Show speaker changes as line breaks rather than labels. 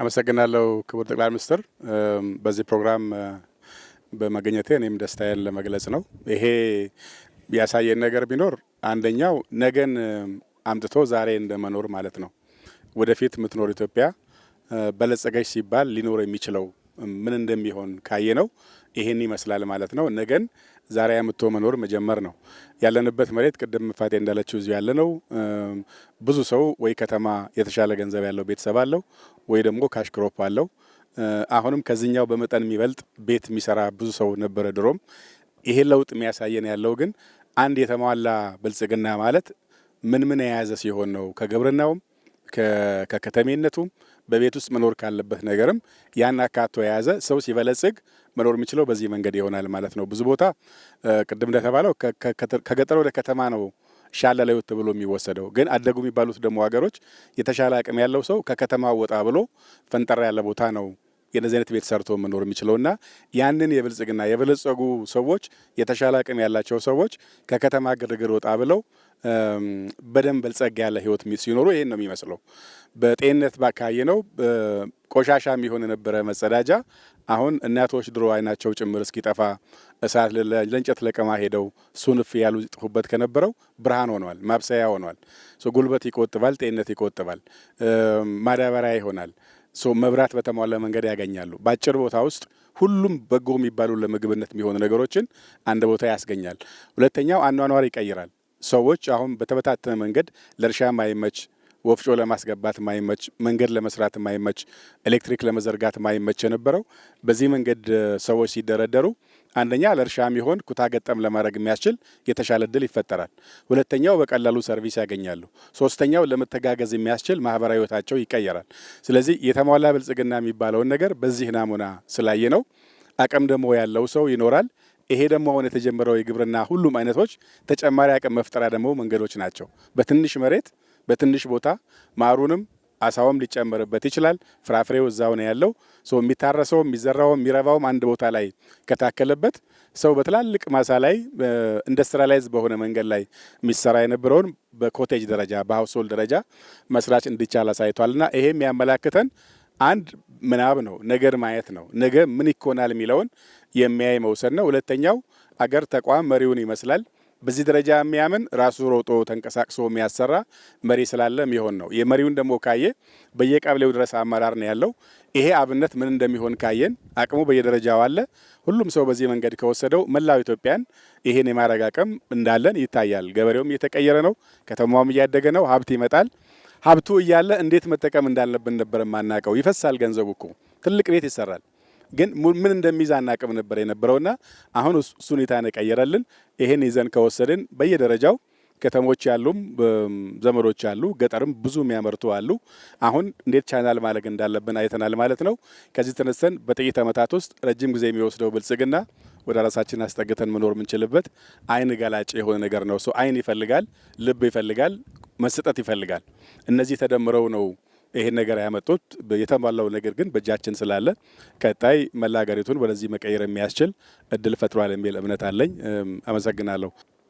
አመሰግናለሁ ክቡር ጠቅላይ ሚኒስትር በዚህ ፕሮግራም በመገኘቴ እኔም ደስታዬን ለመግለጽ ነው። ይሄ ያሳየን ነገር ቢኖር አንደኛው ነገን አምጥቶ ዛሬ እንደመኖር ማለት ነው። ወደፊት የምትኖር ኢትዮጵያ በለጸገች ሲባል ሊኖር የሚችለው ምን እንደሚሆን ካየ ነው ይሄን ይመስላል ማለት ነው። ነገን ዛሬ አምጥቶ መኖር መጀመር ነው። ያለንበት መሬት ቅድም ምፋቴ እንዳለችው እዚሁ ያለ ነው። ብዙ ሰው ወይ ከተማ የተሻለ ገንዘብ ያለው ቤተሰብ አለው ወይ ደግሞ ካሽ ክሮፕ አለው። አሁንም ከዚህኛው በመጠን የሚበልጥ ቤት የሚሰራ ብዙ ሰው ነበረ ድሮም። ይሄ ለውጥ የሚያሳየን ያለው ግን አንድ የተሟላ ብልጽግና ማለት ምን ምን የያዘ ሲሆን ነው ከግብርናውም ከከተሜነቱም በቤት ውስጥ መኖር ካለበት ነገርም ያን አካቶ የያዘ ሰው ሲበለጽግ መኖር የሚችለው በዚህ መንገድ ይሆናል ማለት ነው። ብዙ ቦታ ቅድም እንደተባለው ከገጠር ወደ ከተማ ነው ሻለ ለህይወት ብሎ የሚወሰደው ግን አደጉ የሚባሉት ደግሞ ሀገሮች የተሻለ አቅም ያለው ሰው ከከተማ ወጣ ብሎ ፈንጠራ ያለ ቦታ ነው የነዚህ አይነት ቤት ሰርቶ መኖር የሚችለውና ያንን የብልጽግና የበለጸጉ ሰዎች የተሻለ አቅም ያላቸው ሰዎች ከከተማ ግርግር ወጣ ብለው በደንብ በልጸግ ያለ ህይወት ሲኖሩ ይህን ነው የሚመስለው። በጤንነት ባካባቢ ነው ቆሻሻ የሚሆን የነበረ መጸዳጃ አሁን እናቶች ድሮ አይናቸው ጭምር እስኪጠፋ እሳት ለእንጨት ለቀማ ሄደው ሱንፍ ያሉ ጥፉበት ከነበረው ብርሃን ሆኗል፣ ማብሰያ ሆኗል። ጉልበት ይቆጥባል፣ ጤንነት ይቆጥባል፣ ማዳበሪያ ይሆናል። መብራት በተሟላ መንገድ ያገኛሉ። በአጭር ቦታ ውስጥ ሁሉም በጎ የሚባሉ ለምግብነት የሚሆኑ ነገሮችን አንድ ቦታ ያስገኛል። ሁለተኛው አኗኗር ይቀይራል። ሰዎች አሁን በተበታተነ መንገድ ለእርሻ ማይመች ወፍጮ ለማስገባት ማይመች፣ መንገድ ለመስራት ማይመች፣ ኤሌክትሪክ ለመዘርጋት ማይመች የነበረው በዚህ መንገድ ሰዎች ሲደረደሩ አንደኛ ለእርሻ የሚሆን ኩታ ገጠም ለማድረግ የሚያስችል የተሻለ እድል ይፈጠራል። ሁለተኛው በቀላሉ ሰርቪስ ያገኛሉ። ሶስተኛው ለመተጋገዝ የሚያስችል ማህበራዊ ህይወታቸው ይቀየራል። ስለዚህ የተሟላ ብልጽግና የሚባለውን ነገር በዚህ ናሙና ስላየ ነው። አቅም ደግሞ ያለው ሰው ይኖራል። ይሄ ደግሞ አሁን የተጀመረው የግብርና ሁሉም አይነቶች ተጨማሪ አቅም መፍጠሪያ ደግሞ መንገዶች ናቸው። በትንሽ መሬት በትንሽ ቦታ ማሩንም አሳውም ሊጨመርበት ይችላል። ፍራፍሬው እዛው ነው ያለው። ሰው የሚታረሰው የሚዘራው የሚረባውም አንድ ቦታ ላይ ከታከለበት ሰው በትላልቅ ማሳ ላይ ኢንዱስትሪላይዝ በሆነ መንገድ ላይ የሚሰራ የነበረውን በኮቴጅ ደረጃ በሀውስሆልድ ደረጃ መስራች እንዲቻል አሳይቷልና ይሄም የሚያመላክተን አንድ ምናብ ነው፣ ነገር ማየት ነው። ነገ ምን ይኮናል የሚለውን የሚያይ መውሰድ ነው። ሁለተኛው አገር ተቋም መሪውን ይመስላል። በዚህ ደረጃ የሚያምን ራሱ ሮጦ ተንቀሳቅሶ የሚያሰራ መሪ ስላለ የሚሆን ነው። የመሪውን ደግሞ ካየ በየቀበሌው ድረስ አመራር ነው ያለው። ይሄ አብነት ምን እንደሚሆን ካየን አቅሙ በየደረጃው አለ። ሁሉም ሰው በዚህ መንገድ ከወሰደው መላው ኢትዮጵያን ይሄን የማድረግ አቅም እንዳለን ይታያል። ገበሬውም እየተቀየረ ነው፣ ከተማውም እያደገ ነው። ሀብት ይመጣል። ሀብቱ እያለ እንዴት መጠቀም እንዳለብን ነበር የማናውቀው። ይፈሳል ገንዘቡ እኮ ትልቅ ቤት ይሰራል። ግን ምን እንደሚዛ እናቅም ነበር የነበረውና አሁን እሱ ሁኔታ ነቀየረልን። ይሄን ይዘን ከወሰድን በየደረጃው ከተሞች ያሉም ዘመዶች አሉ፣ ገጠርም ብዙ የሚያመርቱ አሉ። አሁን እንዴት ቻናል ማለግ እንዳለብን አይተናል ማለት ነው። ከዚህ ተነስተን በጥቂት ዓመታት ውስጥ ረጅም ጊዜ የሚወስደው ብልጽግና ወደ ራሳችን አስጠግተን መኖር የምንችልበት አይን ገላጭ የሆነ ነገር ነው። ሰው አይን ይፈልጋል፣ ልብ ይፈልጋል፣ መሰጠት ይፈልጋል። እነዚህ ተደምረው ነው ይሄን ነገር ያመጡት የተሟላው ነገር ግን በእጃችን ስላለ ቀጣይ መላ ሀገሪቱን ወደዚህ መቀየር የሚያስችል እድል ፈጥሯል የሚል እምነት አለኝ። አመሰግናለሁ።